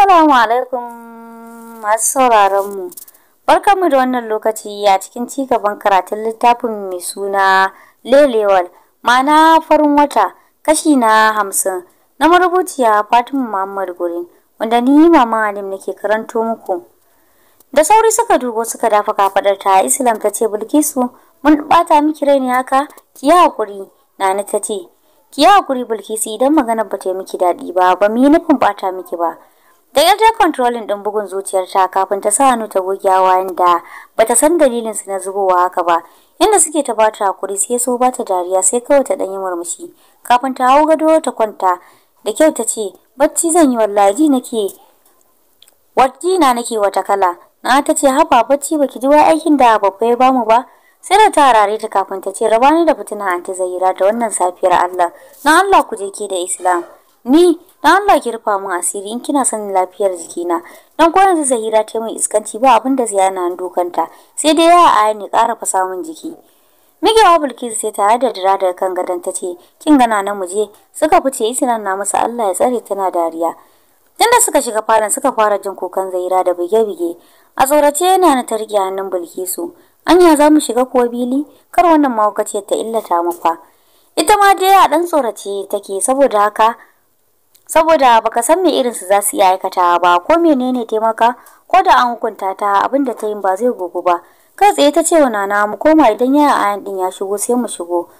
Assalamu alaikum masu sauraronmu. Barkanmu da wannan lokaci a cikin cigaban karatun littafin mai suna Lelewal, mana farin wata, kashi na hamsin na marubuciya Fatima Muhammad Gurin, wanda ni mama Alim nake karanto muku. Da sauri suka dubo suka dafa kafaɗar ta Islam ta ce Bilkisu mun bata miki rai ne haka ki yi hakuri ni ta ce ki yi hakuri Bilkisu idan maganar ba ta yi miki daɗi ba ba mu yi nufin bata miki ba. da yadda kontrolin din bugun zuciyarta kafin ta sa hannu ta goge hawayen da bata san dalilin su na zubowa haka ba inda suke ta bata hakuri sai so bata dariya sai kawai ta danyi murmushi kafin ta hau gado ta kwanta da kyau ta ce bacci zan yi wallahi nake wajji na nake wata kala na ta ce haba bacci baki ji wai aikin da babba ya bamu ba sai da ta rare ta kafin ta ce rabani da fitina anti zaira da wannan safiyar Allah na Allah ku je ke da Islam ni dan Allah ki rufa mun asiri in kina sanin lafiyar jikina dan koyar da Zahira ta min iskanci ba abin da ziyana na dukanta, sai dai ya aya ni ƙara fa samun jiki Migewa Bilkisu sai tare da dira kan gadon ta ce kin gana na muje suka fice isina na masa Allah ya tsare tana dariya tunda suka shiga falon suka fara jin kukan Zahira da bige-bige a tsorace yana na tarki hannun Bilkisu anya za mu shiga kuwa bili kar wannan mahaukaciyar ta illata mu fa ita ma dai a dan tsorace take saboda haka saboda baka san me irinsu za su iya aikata ba ko menene taimaka ko da an hukunta ta abin da ta yi ba zai gogo ba kai tsaye ta ce wa nana mu koma idan yaya ayan din ya shigo sai mu shigo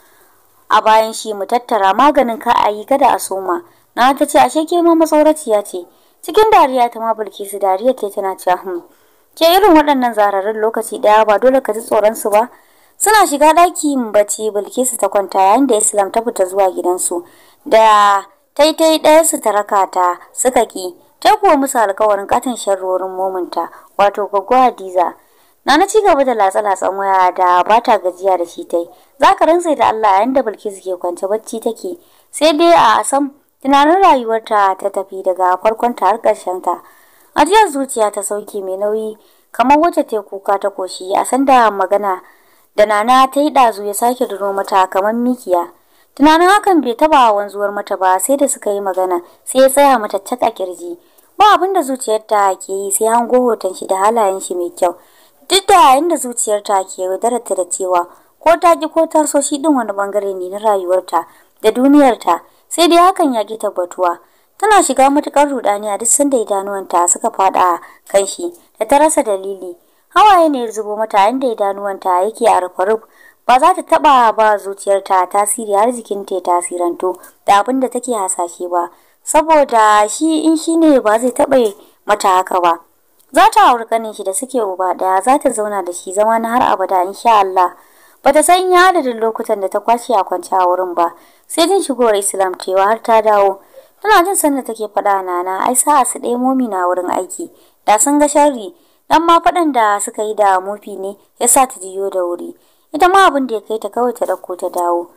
a bayan shi mu tattara maganin ka a yi kada a soma na ta ce ashe ke ma masauraciya ce cikin dariya ta ma bilkisu dariya ke tana cewa hmm ke irin waɗannan zararin lokaci ɗaya ba dole ka ji tsoron su ba suna shiga ɗakin bacci bilkisu ta kwanta yayin da islam ta fita zuwa gidansu da taitai ɗaya su ta raka ta suka ki ta kuwa musu alkawarin katin sharrorin mominta wato Goggo hadiza Nana ci gaba da latsa-latsan waya da bata gajiya da shi tai. Za ka rantsa da Allah yayin da Bilkisu ke kwance bacci take. Sai dai a asam tunanin rayuwarta ta tafi daga farkon ta har ƙarshen ta. Ajiyar zuciya ta sauke mai nauyi kamar wacce ta kuka ta koshi a sanda magana da Nana ta yi ɗazu ya sake duro mata kamar mikiya. tunanin hakan bai taba wanzuwar mata ba sai da suka yi magana sai ya tsaya mata cak a kirji ba abin da zuciyarta ke yi sai hango hoton shi da halayen shi mai kyau duk da yayin da zuciyarta ke yaudararta da cewa ko ta ki ko ta so shi din wani bangare ne na rayuwarta da duniyarta sai dai hakan ya ki tabbatuwa tana shiga matukar rudani a duk sanda idanuwanta suka fada kan shi da ta rasa dalili hawaye ne ya zubo mata inda idanuwanta yake a rufe ba za ta taba ba zuciyarta tasiri har jikinta ya tasiranto da abin da take hasashe ba saboda shi in shi ne ba zai taba mata haka ba za ta auri kanin shi da suke uba daya za ta zauna da shi zama na har abada insha Allah ta san ya adadin lokutan da ta kwashe a kwance a wurin ba sai din shigowar Islam cewa har ta dawo tana jin sanda take faɗa nana ai sa'a su ɗaya momi na wurin aiki da sun ga sharri dan ma faɗan da suka yi da mufi ne ya sa ta jiyo da wuri ita ma abin da ya kai ta kawai ta ɗauko ta dawo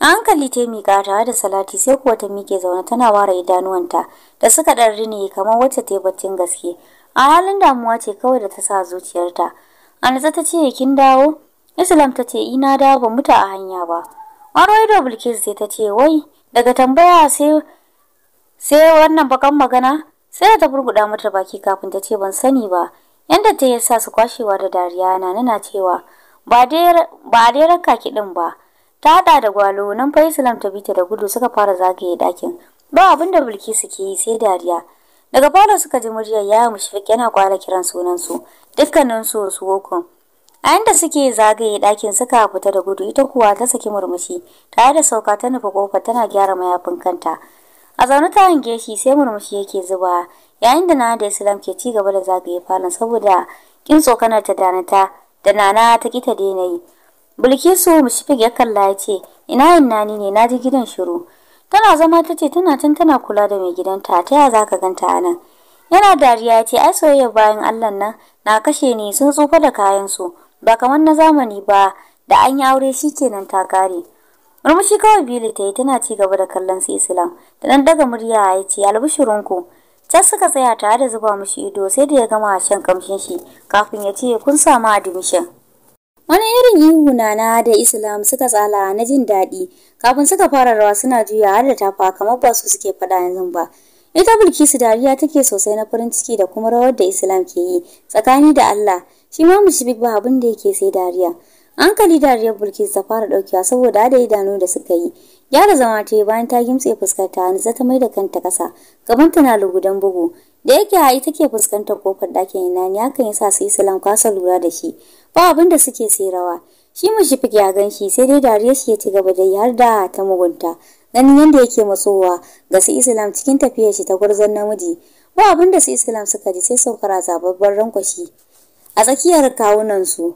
a hankali ta miƙa tare da salati sai kuwa ta miƙe zaune tana ware idanuwanta da suka ɗan rine kamar wacce ta yi baccin gaske a halin damuwa ce kawai da ta sa zuciyarta anza ta ce kin dawo islam ta ce ina da, ba muta a hanya ba warwai da bilkis sai ta ce wai daga tambaya sai sai wannan bakan magana sai ta burguda mata baki kafin ta ce ban sani ba yanda ta yasa su kwashewa da dariya na nana cewa ba dai raka kidin ba ta hada da gwalo nan fa islam ta bi ta da gudu suka fara zagaye dakin. ba abin da bulki suke yi sai dariya daga falo suka ji muryar yaya mushfik yana kwala kiran sunansu dukkanin su su wokun a yanda suke zagaye dakin, suka fita da gudu ita kuwa ta saki murmushi tare da sauka ta nufa kofar tana gyara mayafin kanta a zaune ta hange shi sai murmushi yake zuba yayin da na da islam ke ci gaba da zagaye falon saboda kin tsokanar ta dana ta da nana ta ki ta daina yi bilkisu mushfik ya kalla ya ce ina yin nani ne na ji gidan shiru tana zama ta ce tana tun tana kula da mai gidanta ta ya za ka ganta a nan yana dariya ya ce ai soyayya bayan allah nan na kashe ni sun tsufa da kayansu ba kamar na zamani ba da an yi aure shi nan ta kare murmushi kawai bili ta yi tana ci gaba da kallon su islam da nan daga murya ya ce albishirinku Can suka tsaya tare da zuba mishi ido sai da ya gama shan kamshin shi kafin ya ce kun samu admission. Wani irin ihu na da Islam suka tsala na jin daɗi kafin suka fara rawa suna juya har da tafa kamar ba su suke faɗa yanzu ba. Ita Bilkisu dariya take sosai na farin ciki da kuma rawar da Islam ke yi tsakani da Allah shi ma mushibik ba abin da yake sai dariya. hankali dariyar bilkis ta fara daukewa saboda da idanu da suka yi gyara zama ta yi bayan ta gimtse fuskarta hanzu ta mai da kanta kasa gaban na lugudan bugu da yake hayi take fuskantar kofar ina inani hakan yasa su yi salam kwasa lura da shi ba abin da suke tserawa shi mushifik ya gan shi sai dai dariyar shi ya ci gaba da har da ta mugunta ganin yadda yake matsowa ga su islam cikin tafiyar shi ta gwarzon namiji ba abin da su islam suka ji sai saukar zababban rankwashi a tsakiyar su.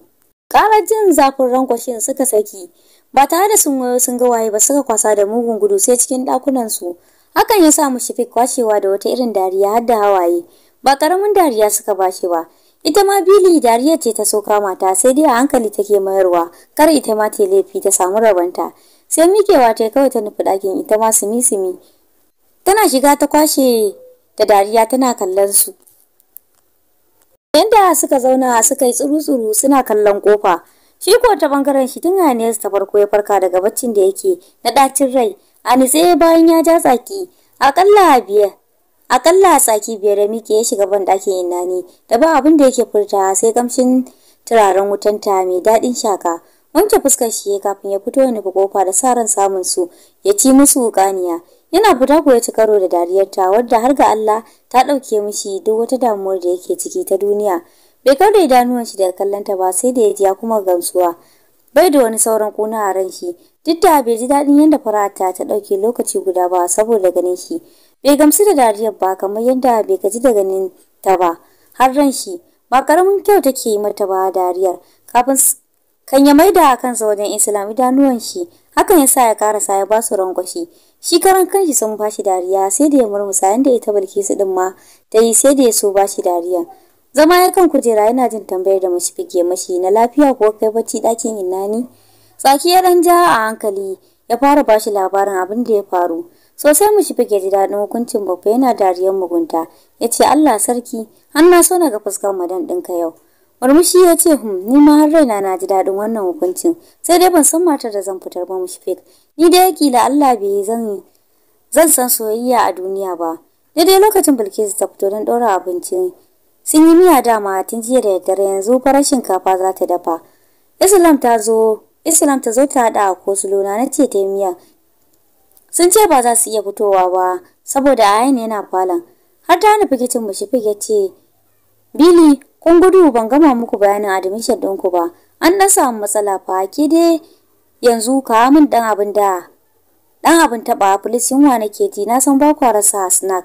Ƙara jin zafin rankwashin suka saki, ba tare da sun wayo sun ga waye ba suka kwasa da mugun gudu sai cikin ɗakunansu. Hakan ya sa Mushfik kwashewa da wata irin dariya har da hawaye, ba ƙaramin dariya suka bashi ba. Ita ma Bili dariya ce ta soka mata sai dai a hankali take mayarwa, kar ita ma ta laifi ta samu rabanta. Sai mikewa ta kawai ta nufi ɗakin ita ma sumi-sumi. Tana shiga ta kwashe da dariya tana kallon su. Yanda suka zauna suka yi tsuru-tsuru suna kallon kofa. Shi ko ta bangaren shi tun Haniyarsa ta farko ya farka daga baccin da yake na ɗacin rai. A nitse bayan ya ja tsaki, aƙalla biyar. Aƙalla tsaki biyar da mike ya shiga ban ɗakin nani da ba abin da yake furta sai kamshin turaren wutan ta mai daɗin shaka. Wanke fuskar shi kafin ya fito ya nufi kofa da sa ran samun su ya ci musu ƙaniya. yana fita ya ci karo da dariyarta wadda har ga Allah ta ɗauke mishi duk wata damuwar da yake ciki ta duniya bai kau da idanuwan shi daga kallonta ba sai da ya ji ya kuma gamsuwa bai da wani sauran kuna a ran shi duk da bai ji daɗin yadda farata ta ɗauke lokaci guda ba saboda ganin shi bai gamsu da dariyar ba kamar yadda bai gaji da ganin ta ba har ran shi ba karamin kyau take yi mata ba dariyar kafin kan ya maida kansa wajen islam idanuwan shi hakan ya sa ya karasa ya basu rankwashi shi karan kanshi sun bashi dariya sai da ya murmusa yanda ita bilkisu din ma ta yi sai da ya so bashi dariya zama ya kan kujera yana jin tambayar da mashi fige mashi na lafiya ko kai bacci dakin ina ni tsaki ya dan ja a hankali ya fara bashi labarin abin da ya faru sosai mushi fige ji daɗin hukuncin babba yana dariyar mugunta ya ce allah sarki an na so na ga fuskar madan ɗinka yau Murmushi ya ce, hmm, ni ma har raina na ji daɗin wannan hukuncin. Sai dai ban san matar da zan fitar ba mushfik. Ni dai kila Allah bai zan zan san soyayya a duniya ba." Daidai lokacin Bilkisu ta fito don ɗora abincin. Sun yi miya dama tun jiya da daddare yanzu farar shinkafa za ta dafa. Islam ta zo Islam ta zo ta haɗa a kosulona na ce ta yi miya. Sun ce ba za su iya fitowa ba saboda ayin yana falon. Har ta nufi kicin mushfik ya ce, "Bili, kun gudu ban gama muku bayanin admission ɗinku ba an na samu matsala fa ke dai yanzu ka min ɗan abin da dan abin taba police yunwa nake ji na san ba ku rasa snack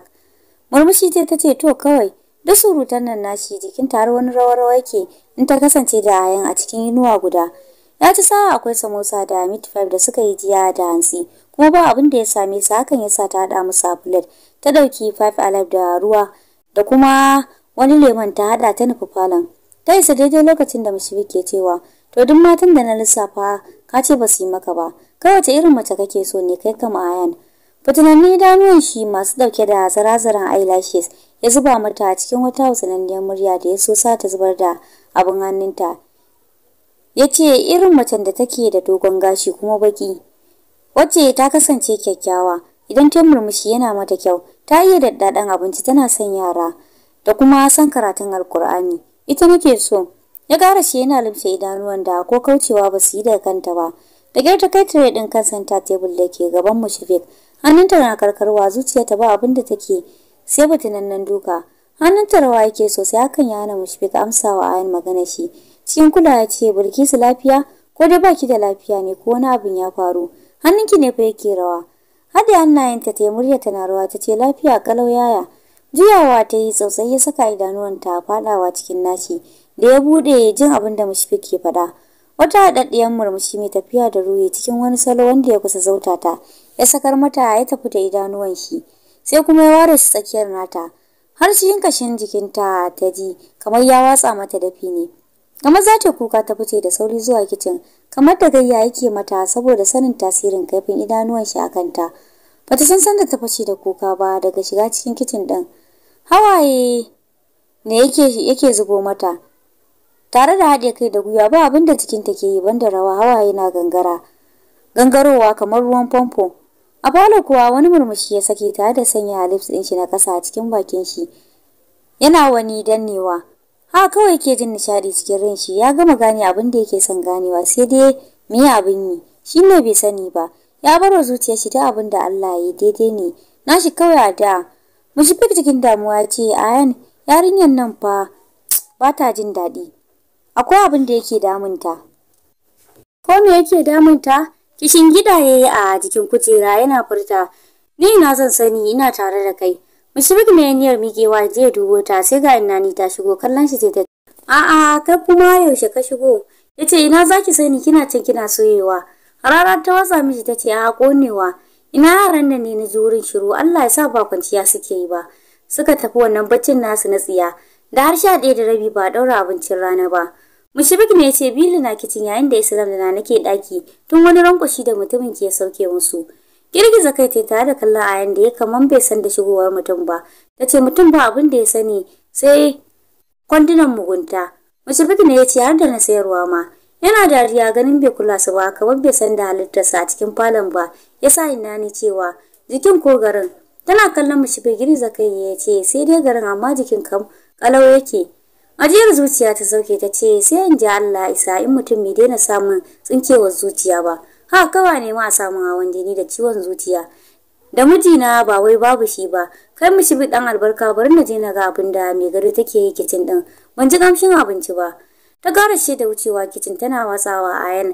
murmushi ce tace to kawai da surutan nan nashi jikin tare wani rawa-rawa yake in ta kasance da ayan a cikin inuwa guda ya ci sa'a akwai samosa da meat five da suka yi jiya da hansi, kuma ba abin da ya same su hakan yasa ta haɗa musu a ta ɗauki five alive da ruwa da kuma wani lemon ta hada ta nufi falon ta isa daidai lokacin da mashi ke cewa to duk matan da na lissafa ka ce ba su yi maka ba kai wace irin mace kake so ne kai kama ayan fitinanni damuwan shi masu dauke da zarazaran eyelashes ya zuba mata a cikin wata hausananniyar murya da ya so sa ta zubar da abin hannunta ya ce irin macen da take da dogon gashi kuma baki wacce ta kasance kyakkyawa idan ta murmushi yana mata kyau ta iya daddaɗan abinci tana son yara da kuma san karatun alkur'ani ita nake so ya gara shi yana limshe idanuwan da ko kaucewa ba su yi daga kanta ba da gyar ta kai tire din kan santa tebul da ke gaban shifik hannunta na karkarwa zuciyarta ba abin da take sai nan duka hannunta rawa yake sosai hakan ya hana amsa amsawa 'yan magana shi cikin kula ya ce bilkisu lafiya ko dai baki da lafiya ne ko wani abin ya faru hannunki ne fa yake rawa hada hannayenta ta yi murya tana rawa ta ce lafiya kalau yaya Juyawa ta yi tsautsayi ya saka idanuwanta faɗawa cikin nashi da ya buɗe jin abin da mushfik ke faɗa. Wata haɗaɗɗiyar murmushi mai tafiya da ruhi cikin wani salo wanda ya kusa zauta ta ya sakar mata ya tafi da idanuwan shi sai kuma ya ware su tsakiyar nata har cikin kashin jikinta ta ji kamar ya watsa mata dafi ne. Kamar za ta kuka ta fice da sauri zuwa kicin kamar da gayya yake mata saboda sanin tasirin kaifin idanuwan shi a kanta. Bata san san da ta fashe da kuka ba daga shiga cikin kicin ɗin. Hawaye ne yake yake zubo mata. Tare da haɗe kai da guya ba abin da ta ke yi banda rawa hawaye na gangara. Gangarowa kamar ruwan famfo. A falo kuwa wani murmushi ya saki tare da sanya lips din shi na kasa a cikin bakin shi. Yana wani dannewa. Ha kawai ke jin nishaɗi cikin ran shi ya gama gane abin da yake son ganewa sai dai me abin yi shi ne bai sani ba. ya bar wa zuciyar shi ta abin da Allah ya daidai ne nashi kawai a da fik cikin damuwa ce ayan yarinyar nan fa ba ta jin daɗi akwai abin da yake damunta ko me yake damunta kishin gida yayi a jikin kujera yana furta ni na zan sani ina tare da kai fik mai niyyar miƙewa je dubo ta sai ga ina ni ta shigo kallon shi sai ta a'a ka kuma yaushe ka shigo yace ina zaki sani kina cin kina soyewa Rara ta wasa miji ta ce a konewa ina yaran da ne na ji wurin shiru Allah ya sa ba kwanciya suke yi ba suka tafi wannan baccin nasu na tsiya da har sha ɗaya da rabi ba ɗaura abincin rana ba. Mushibik ne ya ce Bilu na kicin yayin da Islam da nake ɗaki tun wani rankwashi da mutumin ke sauke musu. Girgiza kai ta tare da kallon ayan da ya kaman bai san da shigowar mutum ba. Ta ce mutum ba abin da ya sani sai kwandunan mugunta. Mushibik ne ya ce har da na sayarwa ma. yana dariya ganin bai kula su ba kamar bai san da halittarsa a cikin falon ba ya sa ina ni cewa jikin ko garin tana kallon mace bai zaka kai ya ce sai dai garin amma jikin kam kalau yake ajiyar zuciya ta sauke ta ce sai in ji Allah isa in mutum bai daina samun tsinkewar zuciya ba ha kawa ne ma a samun hawan jini da ciwon zuciya da mijina ba wai babu shi ba kai mu shi bi dan albarka bari na je na ga abin da mai gari take yi kicin din ban ji kamshin abinci ba ta shi da wucewa kicin tana watsawa ayan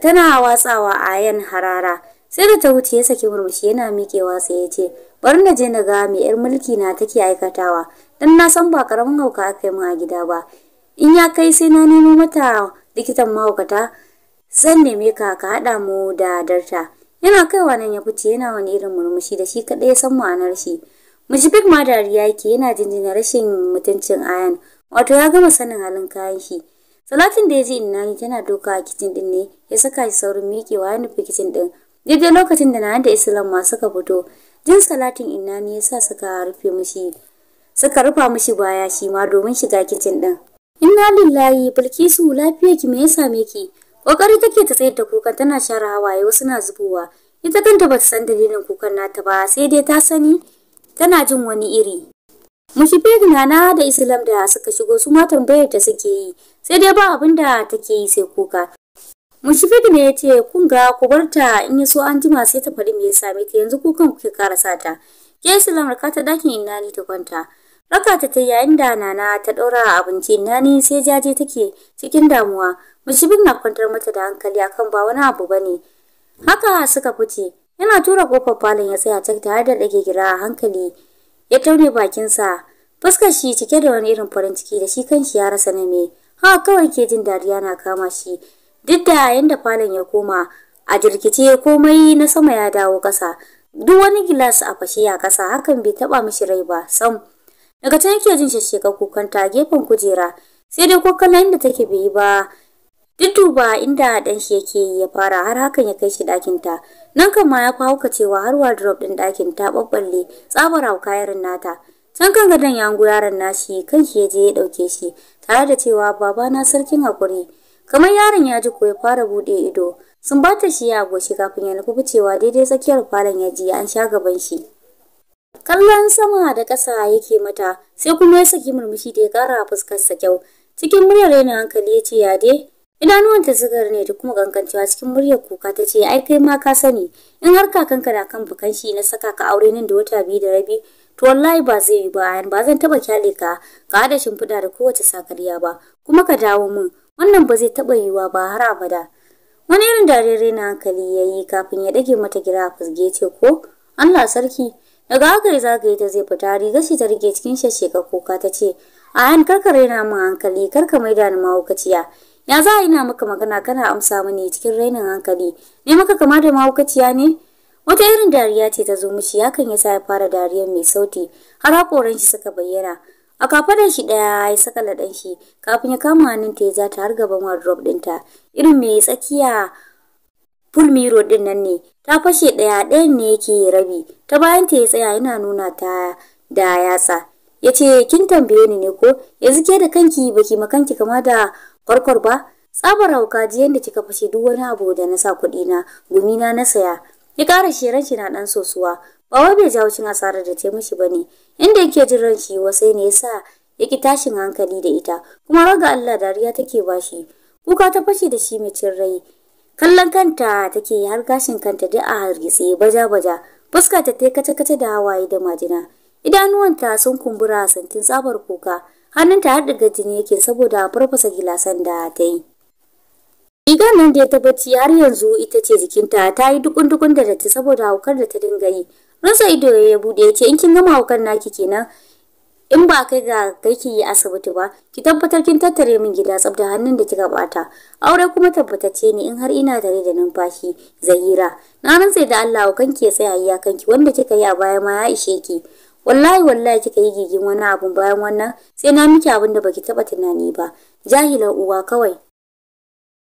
tana watsawa yan harara sai da ta wuce ya saki murmushi yana miƙewa sai ya ce bari na je na ga me yar mulki na take aikatawa dan na san ba karamin hauka aka yi min a gida ba in ya kai sai na nemo mata likitan mahaukata zan neme ka ka haɗa mu da darta yana kaiwa nan ya fice yana wani irin murmushi da shi kaɗai ya san ma'anar shi mujibik ma dariya yake yana jinjina rashin mutuncin ayan wato ya gama sanin halin kayan shi salatin da ya ji ina ne tana doka a kicin din ne ya saka shi saurin miƙewa ya nufi kicin din daidai lokacin da na da islam ma suka fito jin salatin ina ne ya sa suka rufe mishi suka rufa mishi baya shi ma domin shiga kicin din inna lillahi bilkisu lafiya ki me ya same ki kokari take ta tsayar da kukan tana share hawaye wasu na zubowa ita kanta bata san dalilin kukan nata ba sai dai ta sani tana jin wani iri mu na na da Islam da suka shigo su ma tambayar ta suke yi, sai dai ba abin da take yi sai kuka. Mushifiru ne ya ce, kun ga ku bar in ya so an jima sai ta faɗi me ya same ta yanzu kukan kuke karasa ta. Ke Islam raka ta dakin ina ni ta kwanta. Raka ta ta yayin da Nana ta ɗora abinci ina ni sai jaje take cikin damuwa. Mushibin na kwantar mata da hankali akan ba wani abu bane. Haka suka fice. Yana tura kofar falon ya tsaya cak har da ɗage gira a hankali. ya taure bakinsa fuskar shi cike da wani irin farin ciki da shi kanshi ya rasa na me ha kawai ke jin dariya na kama shi duk da yanda falon ya koma a jirkice komai na sama ya dawo ƙasa duk wani gilas a fashe a ƙasa hakan bai taba mishi rai ba sam daga can yake jin shashshekar kukanta gefen kujera sai dai ko inda da take bai ba Duk duba, inda dan shi yake ya fara har hakan ya kai shi dakin ta. Nan kan ma ya hauka cewa har wardrobe ɗin dakin ta babballe, tsabar hauka nata. Can kan gadon ya hango yaron nashi kan shi ya je ya ɗauke shi tare da cewa baba na sarkin hakuri Kamar yaron ya ji ko ya fara buɗe ido. Sun bata shi ya goshi kafin ya nufi cewa daidai tsakiyar falon ya ji an sha gaban shi. Kallon sama da ƙasa yake mata sai kuma ya saki murmushi da ya ƙara fuskarsa kyau. Cikin muryar yana hankali ya ce ya dai Idanuwanta zigar ne da kuma gangancewa cikin muryar kuka ta ce, "Ai kai ma ka sani, in har kakanka da kan bukan shi na saka ka aure nan da wata biyu da rabi, to wallahi ba zai yi ba, ba zan taba kyale ka, ka da shimfiɗa da kowace sakariya ba, kuma ka dawo mun wannan ba zai taba yiwa ba har abada." Wani irin darere na hankali ya yi kafin ya ɗage mata gira a fusge ce ko, "Allah sarki, daga haka ya zagaye ta zai fita riga shi ta rike cikin shasheka kuka ta ce, "A yan karka raina mun hankali, karka maida ni mahaukaciya." Ya za a ina maka magana kana amsa mani cikin rainin hankali. Ne maka kama da mahaukaciya ne? Wata irin dariya ce ta zo mishi hakan ya sa ya fara dariyar mai sauti har hakoran shi suka bayyana. A kafadan shi daya ya saka ladan shi kafin ya kama hannun ta ya ja ta har gaban wardrobe dinta. Irin mai tsakiya full mirror din nan ne ta fashe ɗaya ɗayan ne yake rabi ta bayan ta ya tsaya yana nuna ta da yatsa. ya ce kin tambaye ni ne ko yanzu ke da kanki baki makanki kama da farkon ba tsabar hauka ji yadda kika fashe duk wani abu da na sa kuɗi na gumi na na saya ya ƙara shi shi na ɗan sosuwa ba wai bai jawo cin asarar da ta mishi bane inda yake jin ranci sai ne ne yasa ya ki tashin hankali da ita kuma raga Allah dariya take bashi kuka ta fashe da shi mai cin rai kallon kanta take yi har gashin kanta duk a hargitse baja baja fuska ta kace kace da hawaye da majina idanuwanta sun kumbura santin tsabar kuka hannunta har da jini yake saboda farfasa gilasan da ta yi rigar nan da ya tabbaci har yanzu ita ce jikinta ta yi dukun-dukun da datti saboda haukar da ta dinga yi rasa ido ya bude ya ce in kin gama haukar naki kenan in ba kai ga kai ki yi asibiti ba ki tabbatar kin tattare min gida tsabda hannun da kika bata aure kuma tabbatacce ne in har ina tare da numfashi zahira na rantsa da Allah kanki ya tsaya iya kanki wanda kika yi a baya ma ya ishe ki wallahi wallahi kika yi gigin wani abu bayan wannan sai na miki abin da baki taba tunani ba jahilar uwa kawai